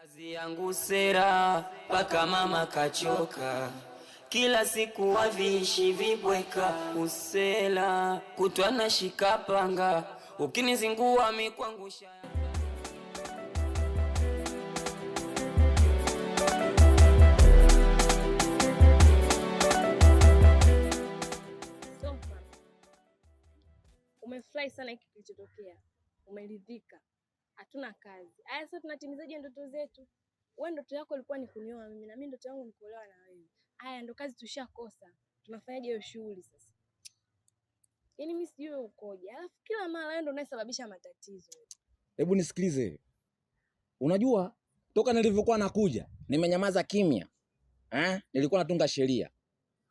Kazi yangu sera mpaka mama kachoka, kila siku waviishi vibweka, usela kutwa na shikapanga, ukinizingua mikwangusha Umefurahi sana hiki kilichotokea, umeridhika? hatuna kazi. Aya, sasa tunatimizaje ndoto zetu? Wewe ndoto yako ilikuwa ni kunioa mimi, na mimi ndoto yangu ni kuolewa na wewe. Aya, ndo kazi tushakosa, tunafanyaje hiyo shughuli sasa? Yaani mimi sijui wewe ukoje, alafu kila mara wewe ndo unasababisha matatizo. Hebu nisikilize, unajua toka nilivyokuwa nakuja nimenyamaza kimya eh? Nilikuwa natunga sheria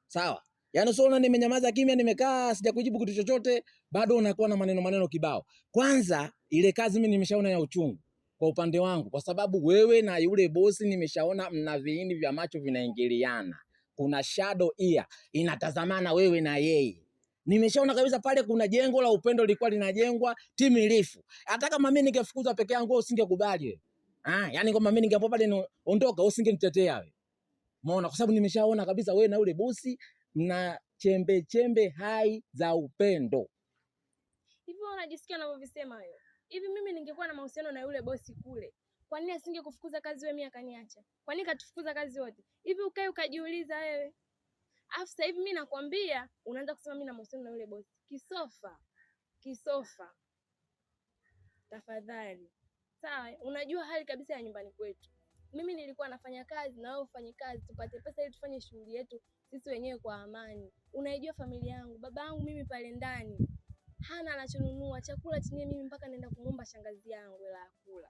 sawa, Yaani sio na nimenyamaza kimya nimekaa sijakujibu kitu chochote bado unakuwa na maneno maneno kibao. Kwanza ile kazi mimi nimeshaona ya uchungu kwa upande wangu kwa sababu wewe na yule bosi nimeshaona mna viini vya macho vinaingiliana. Kuna shadow ear inatazamana wewe na yeye. Nimeshaona kabisa pale kuna jengo la upendo lilikuwa linajengwa timilifu. Hata kama mimi ningefukuzwa peke yangu usingekubali wewe. Ah, yani kama mimi ningeapo pale ondoka usingenitetea wewe. Umeona kwa sababu nimeshaona kabisa wewe na yule bosi na chembe chembe hai za upendo. Hivi unajisikia unavyovisema wewe? Hivi mimi ningekuwa na mahusiano na yule bosi kule, kwa nini kufukuza kazi wewe, mimi akaniacha? Kwa nini katufukuza kazi wote? Hivi ukae ukajiuliza wewe. Afu sasa hivi mimi nakwambia, unaanza kusema mimi na mahusiano na yule bosi. Kisofa. Kisofa. Tafadhali. Sawa, unajua hali kabisa ya nyumbani kwetu. Mimi nilikuwa nafanya kazi na wewe ufanye kazi, tupate pesa ili tufanye shughuli yetu sisi wenyewe kwa amani. Unaijua familia yangu, baba yangu mimi pale ndani hana anachonunua chakula chenyewe, mimi mpaka naenda kumwomba shangazi yangu hela ya kula.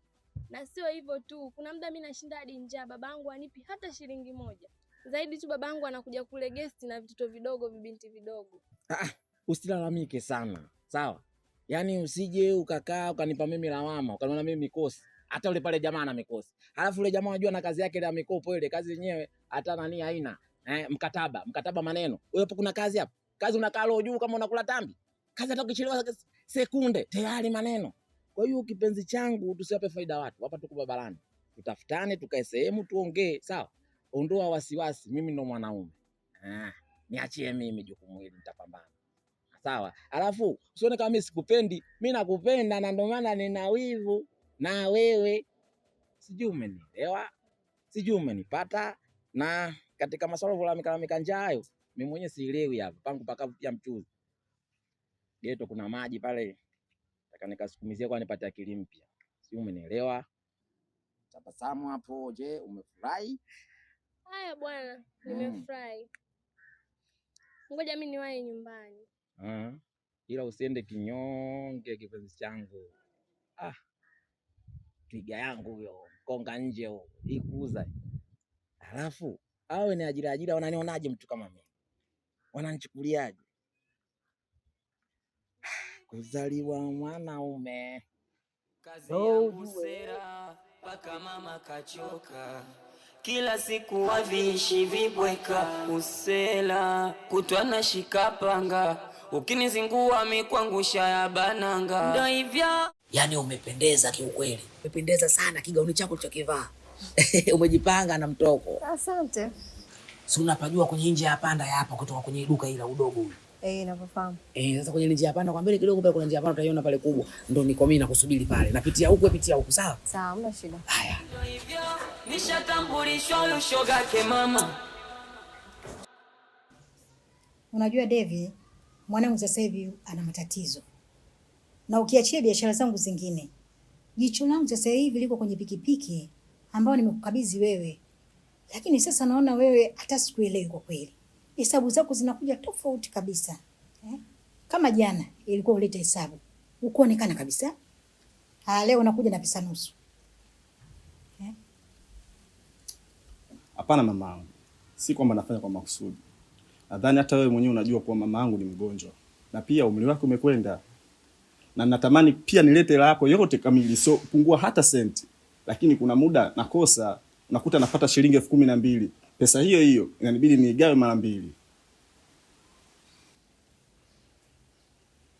Na sio hivyo tu, kuna muda mimi nashinda hadi njaa, babangu anipi hata shilingi moja zaidi tu babangu anakuja kule guest na vitoto vidogo vibinti vidogo. Ah, ah, usilalamike sana sawa. Yaani usije ukakaa ukanipa mimi lawama ukaniona mimi mikosi. Hata ule pale jamaa ana mikosi, halafu ule jamaa anajua na kazi yake ile ya mikopo ile, kazi yenyewe hata nani haina eh, mkataba mkataba maneno. Wewe hapo kuna kazi hapo, kazi unakaa leo juu kama unakula tambi, kazi hata ukichelewa sekunde tayari maneno. Kwa hiyo kipenzi changu, tusiwape faida watu hapa, tuko babalani, tutafutane, tukae sehemu tuongee, sawa. Ondoa wasiwasi, mimi ndo mwanaume ah, niachie mimi jukumu hili, nitapambana sawa. Alafu usione kama mimi sikupendi, mimi nakupenda, na ndio maana nina wivu na wewe. Sijui umenielewa, sijui umenipata na katika masuala ya kulalamika mikanja hayo, mimi mwenyewe sielewi. Hapa pangu pakavu ya mchuzi geto, kuna maji pale, nataka nikasukumizie kwa nipate akili mpya, si umenielewa? Tabasamu hapo. Je, umefurahi? Haya bwana, hmm. nimefurahi. Ngoja mimi niwahi nyumbani. Ah, ila usiende kinyonge, kipenzi changu. Ah, twiga yangu huyo, konga nje huyo, ikuuza alafu awe ni ajira ajira, wananionaje mtu kama mimi? Wananichukuliaje? Kuzaliwa mwanaume kazi ya busera mpaka mama kachoka, kila siku waviishi vibweka usela kutwa na shikapanga, ukinizingua mikwangusha ya bananga, ndo hivyo. Yani umependeza kiukweli, umependeza sana, kigauni chako ulichokivaa. umejipanga na mtoko. Asante. Si unapajua kwenye njia ya panda hapa kutoka kwenye duka hili udogo huyo? Eh, nafahamu. Eh, sasa kwenye njia ya panda kwa mbele kidogo pale kuna njia ya panda utaiona pale kubwa. Ndio niko mimi nakusubiri pale. Napitia huko, pitia huko, sawa? Sawa, hamna shida. Haya. Hivyo nishatambulishwa huyu shoga yake mama. Unajua Devi, mwanangu sasa hivi ana matatizo. Na ukiachia biashara zangu zingine, jicho langu sasa hivi liko kwenye pikipiki ambao nimekukabidhi wewe, lakini sasa naona wewe hata sikuelewi kwa kweli, hesabu zako zinakuja tofauti kabisa eh? Kama jana ilikuwa uleta hesabu ukuonekana kabisa, ah, leo unakuja na pesa nusu. Eh? Hapana eh? Mama yangu, si kwamba nafanya kwa makusudi. Nadhani hata wewe mwenyewe unajua kuwa mama yangu ni mgonjwa na pia umri wake umekwenda, na natamani pia nilete hela yako yote kamili, so pungua hata senti lakini kuna muda nakosa, nakuta napata shilingi elfu kumi na mbili. Pesa hiyo hiyo inanibidi niigawe mara mbili.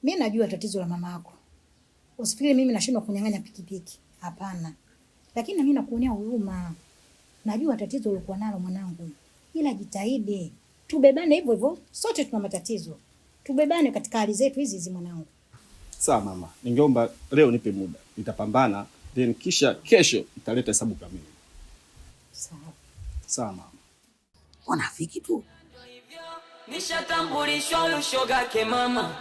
Mi najua tatizo la mama yako, usifikiri mimi nashindwa kunyang'anya pikipiki, hapana. Lakini nami nakuonea huruma, najua tatizo ulikuwa nalo mwanangu, ila jitahidi tubebane hivyo hivyo, sote tuna matatizo, tubebane katika hali zetu hizi hizi mwanangu. Sawa mama, ningeomba leo nipe muda, nitapambana then kisha kesho italeta hesabu kamili. Sawa sawa mama, wanafiki tu nishatambulishwa huyu shoga yake mama.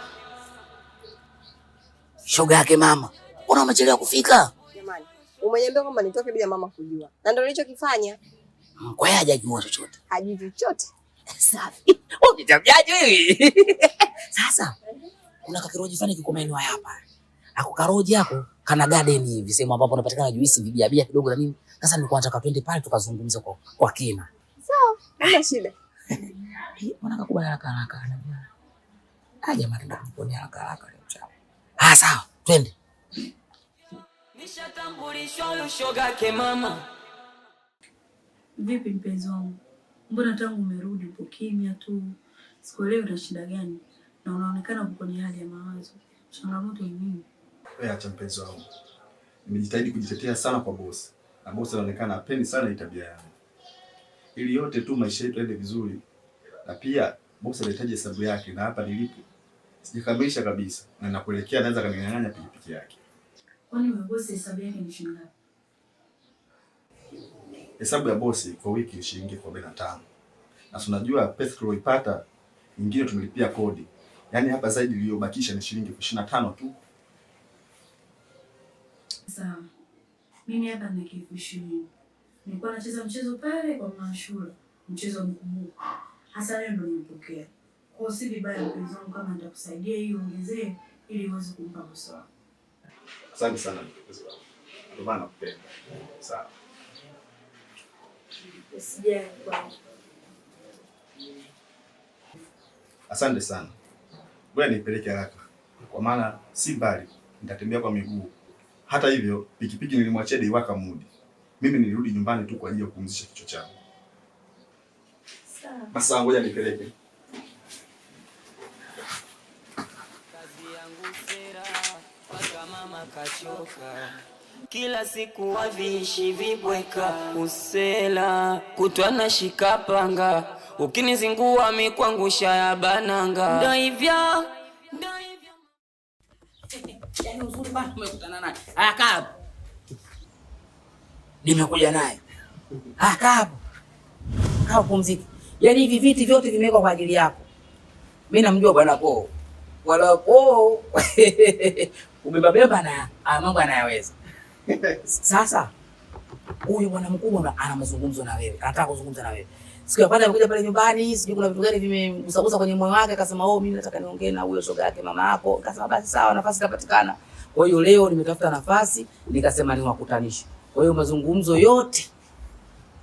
Shoga yake mama, mbona umechelewa kufika? Jamani, umeniambia kwamba nitoke bila mama kujua, na ndio nilichokifanya. Kwa hiyo hajajua chochote, hajui chochote. Safi. Sasa kuna kakiroji fani kiko maeneo haya hapa ako karoji yako kana garden hivi, sehemu ambapo unapatikana juisi bibia bia kidogo na nini. Sasa nilikuwa nataka twende pale tukazungumze kwa kwa kina. Sawa, bila shida. Mbona kakubali haraka haraka? na bwana. Ah, jamaa ndio kuponi haraka haraka leo chao. Ah, sawa, twende. Nishatambulishwa ushoga ke mama. Vipi mpenzi wangu? Mbona tangu umerudi upo kimya tu? Sikuelewi una shida gani? Na unaonekana uko kwenye hali ya mawazo. Changamoto ni nini? wewe eh, acha mpenzi wangu. Nimejitahidi kujitetea sana kwa bosi. Na bosi anaonekana apeni sana tabia yangu. Ili yote tu maisha yetu yaende vizuri. Na pia bosi anahitaji hesabu yake na hapa nilipo sijakamilisha kabisa na nakuelekea naweza kaninyang'anya pikipiki yake. Kwani bosi hesabu yake ni shilingi ngapi? Hesabu ya bosi kwa wiki ni shilingi elfu arobaini na tano. Na tunajua pesa tulioipata nyingine tumelipia kodi. Yaani hapa zaidi iliyobakisha ni shilingi elfu ishirini na tano tu. Sawa. Mimi hapa ishirini Nilikuwa nacheza mchezo pale kwa Mashura, mchezo mkumbuka. Hasa leo ndo Kwa si vibaya mpenzi wangu kama nitakusaidia hii ongezee ili uweze kumpa wako. Asante sana mpenzi wangu. Ndio maana nakupenda. Sawa. Asante sana. nipeleke haraka. Kwa maana si mbali, nitatembea kwa miguu. Hata hivyo, pikipiki nilimwachia Deiwaka Mudi. Mimi nilirudi nyumbani tu kwa ajili ya kupumzisha kichwa changu. Sawa. Basi ngoja nipeleke. Kazi yangu sera paka mama kachoka. Kila siku waviishi vibweka usela na shikapanga ukinizingua mikwangusha ya bananga. Ndio hivyo Yaani uzuri bana umekutana naye. Haya Nimekuja naye. Haya kabu. Kaa pumziki. Yaani hivi viti vyote vimewekwa kwa ajili yako. Mimi namjua bwana Po. Wala Po. Umebabeba na mambo anayaweza. Sasa huyu bwana mkubwa ana mazungumzo na wewe. Anataka kuzungumza na wewe siku ya kwanza amekuja pale nyumbani, sijui kuna vitu gani vimemgusagusa kwenye moyo wake, akasema oh, mimi nataka niongee na huyo shoga yake mama yako. Nikasema basi sawa, nafasi itapatikana. Kwa hiyo leo nimetafuta nafasi, nikasema niwakutanishe. Kwa hiyo mazungumzo yote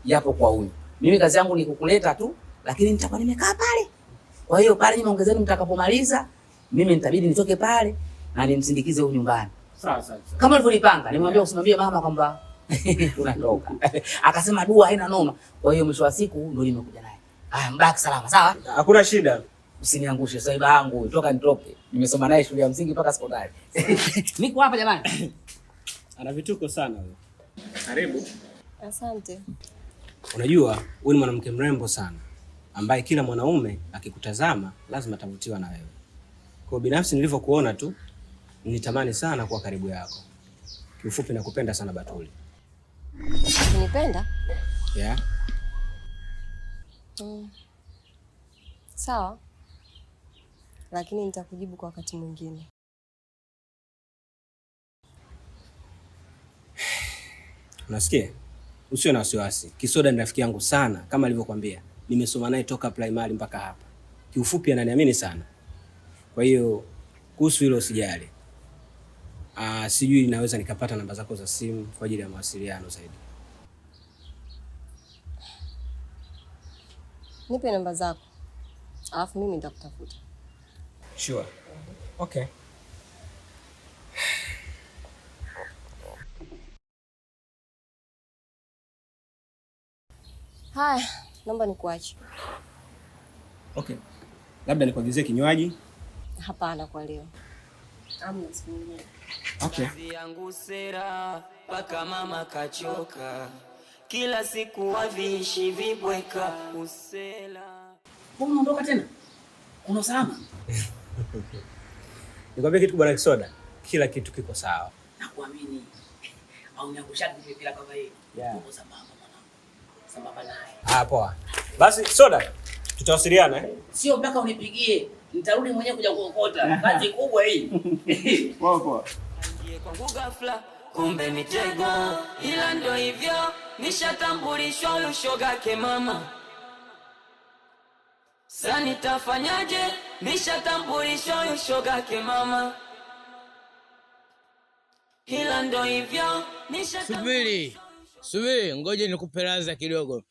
yapo kwa huyu. Mimi kazi yangu ni kukuleta tu, lakini nitakuwa nimekaa pale. Kwa hiyo pale nyuma ongezeni, mtakapomaliza mimi nitabidi nitoke pale na nimsindikize huyu nyumbani. Sawa sawa. Kama nilivyopanga, nimwambia usimwambie mama kwamba unatoka. Akasema dua haina noma. Kwa hiyo mwisho wa siku ndo nimekuja naye. Haya, mbaki salama, sawa? Hakuna shida. Usiniangushe sasa, iba yangu toka nitoke. Nimesoma naye shule ya msingi mpaka sekondari. Niko hapa jamani. Ana vituko sana huyo. Karibu. Asante. Unajua, wewe ni mwanamke mrembo sana ambaye kila mwanaume akikutazama lazima atavutiwa na wewe. Kwa binafsi nilivyokuona tu nitamani sana kuwa karibu yako. Kiufupi nakupenda sana Batuli. Unipenda? Yeah. Mm. Sawa, lakini nitakujibu kwa wakati mwingine. Unasikia? Usiwe na wasiwasi. Kisoda ni rafiki yangu sana, kama alivyokuambia, nimesoma naye toka primary mpaka hapa. Kiufupi ananiamini sana, kwa hiyo kuhusu hilo usijali uh, sijui inaweza nikapata namba zako za simu kwa ajili ya mawasiliano zaidi. Nipe namba zako alafu mimi nitakutafuta. Sure. Mhm. Okay. Haya, naomba nikuache. Okay. Labda nikuagizie kinywaji? Hapana, kwa leo. Kazi yangu sera mpaka mama kachoka, kila siku waviishi vibweka usela. Unaondoka tena? Nikwambia kitu bwana Kisoda, kila kitu kiko sawa. Nakuamini. Au bila baba yeye. mwanangu. naye. Ah, poa. Basi Soda, tutawasiliana eh? Sio mpaka unipigie nitarudi mwenyewe kuja kuokota. Kazi kubwa hii. Poa poa. Kwa ghafla kumbe mitego, ila ndo hivyo, nishatambulishwa huyu shoga ke mama. Sasa nitafanyaje? Nishatambulishwa huyu shoga ke mama. Ila ndo hivyo, nishatambulishwa. Subiri, ngoje nikupelaza kidogo.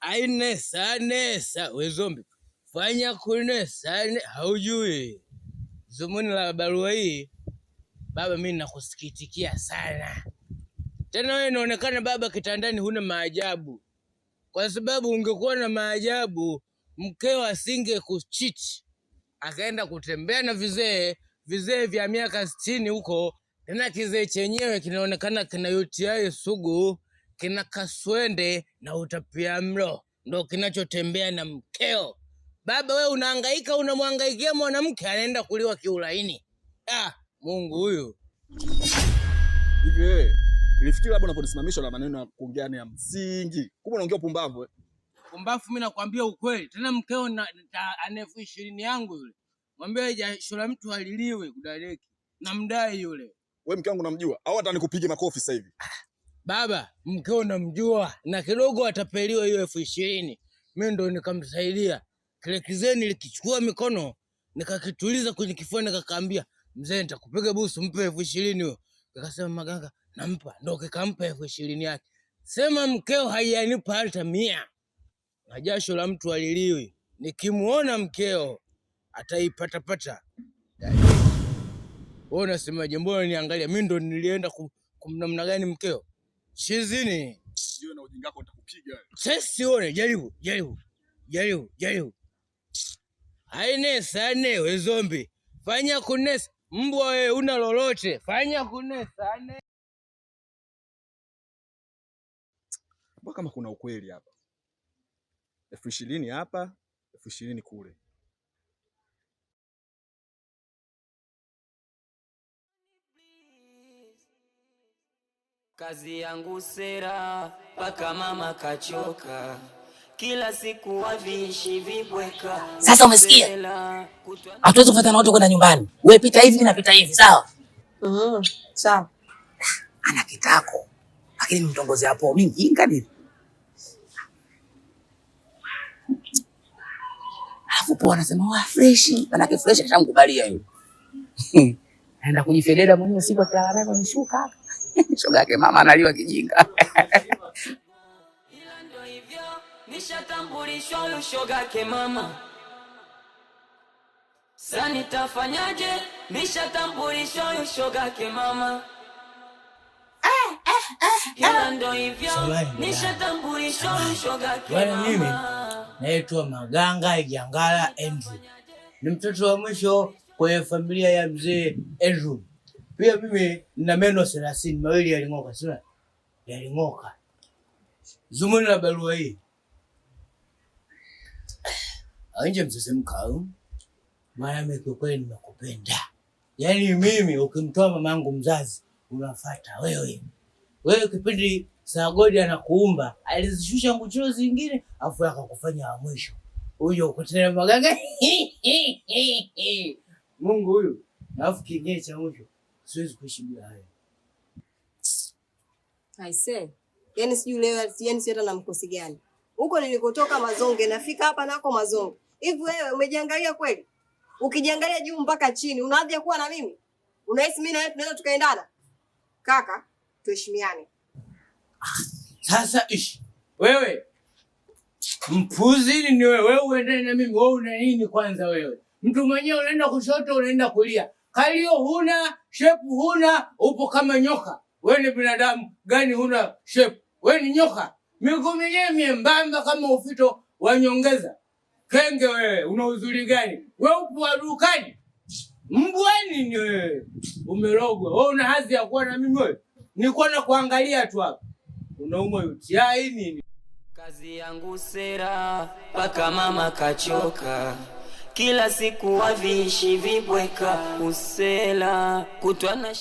Ainesa, nesa, we zombi fanya kuline sani haujui zumuni la barua hii. Baba, mimi ninakusikitikia sana. Tena wewe inaonekana baba, kitandani huna maajabu, kwa sababu ungekuwa na maajabu mkeo asinge kuchiti akaenda kutembea na vizee vizee vya miaka sitini huko. Tena kizee chenyewe kinaonekana kina UTI sugu, kina kaswende na utapia mlo, ndo kinachotembea na mkeo. Baba wewe unahangaika, unamwangaikia mwanamke anaenda kuliwa kiulaini. Ah, Mungu huyu. Hivi wewe, nilifikiri labda unaponisimamisha na maneno ya kuongea ya msingi. Kumbe unaongea upumbavu eh? Pumbavu mimi nakwambia ukweli. Tena mkeo na ana elfu ishirini yangu yule. Mwambie hajasho la mtu aliliwe kudareki. Namdai yule. Wewe mke wangu namjua au hata nikupige makofi sasa hivi. Baba, mkeo namjua na kidogo atapeliwa hiyo elfu ishirini. Mimi ndo nikamsaidia kile kizee nilikichukua mikono nikakituliza kwenye kifua, nikakaambia mzee, nitakupiga busu, mpe elfu ishirini huyo. Akasema Maganga, nampa. Ndo kikampa elfu ishirini yake. Sema mkeo haianipa hata mia, na jasho la mtu aliliwi. Nikimuona mkeo ataipatapata. Wewe unasemaje? Mbona niangalia mimi ndo nilienda kumnamna gani mkeo chizini? Sio na ujinga wako, nitakupiga wewe. Sasa jaribu jaribu jaribu jaribu hainesa ane we zombi, fanya kunes mbwa we una lolote, fanya kunesa ane mbwa. Kama kuna ukweli hapa, elfu ishirini hapa, elfu ishirini kule. Kazi yangu sera, mpaka mama kachoka. Sasa umesikia? Hatuwezi kufuata na watu kwenda nyumbani. Wewe pita hivi napita hivi, sawa? Mhm. Sawa. Ah, ana kitako. Lakini mtongoze hapo mimi jinga nini? Alafu poa anasema wa ah, fresh, maana fresh ashamkubalia yule. Naenda kujifededa mwenyewe siku akilala naye kwenye Shoga yake mama analiwa kijinga. mama, nitafanyaje? Nishatambulishwa mama, eh, eh, eh, ndo hivyo, nishatambulishwa mama. Mimi naitwa Maganga jangala Andrew, ni mtoto wa mwisho kwenye familia ya mzee Andrew. Pia mimi nina meno thelathini mawili yaling'oka, sio yaling'oka. Zumuni la barua hii Aje mzee mkao. maana mimi kwa kweli nimekupenda. Yaani mimi ukimtoa mamangu mzazi unafuata wewe. Wewe kipindi Sagodi anakuumba alizishusha nguchuo zingine afu akakufanya wa mwisho. Huyo ukutana maganga. Mungu huyu. Alafu kingine cha mwisho siwezi kuishi bila haya. I say, yani sijui leo, yani sio hata na mkosi gani. Huko nilikotoka mazonge nafika hapa nako mazonge. Hivi wewe umejiangalia kweli? Ukijiangalia juu mpaka chini, unaanza kuwa na mimi? Unahisi mimi na wewe tunaweza tukaendana? Kaka, tuheshimiane. Sasa ishi. Wewe mpuzi ni wewe, wewe uendane na mimi. Wewe una nini kwanza wewe? Mtu mwenyewe unaenda kushoto, unaenda kulia. Kalio huna, shepu huna, upo kama nyoka. Wewe ni binadamu gani huna shepu? Wewe ni nyoka. Miguu yenyewe miembamba kama ufito wa nyongeza. Kenge wewe una uzuri gani? Wewe upo wadukani. Mbwa nini wewe? Umerogwa. Wewe una hadhi ya kuwa na mimi wewe? Nilikuwa na kuangalia tu hapa. Unaumwa UTI nini? Kazi yangu sera mpaka mama kachoka. Kila siku wavishi vibweka usela kutwa na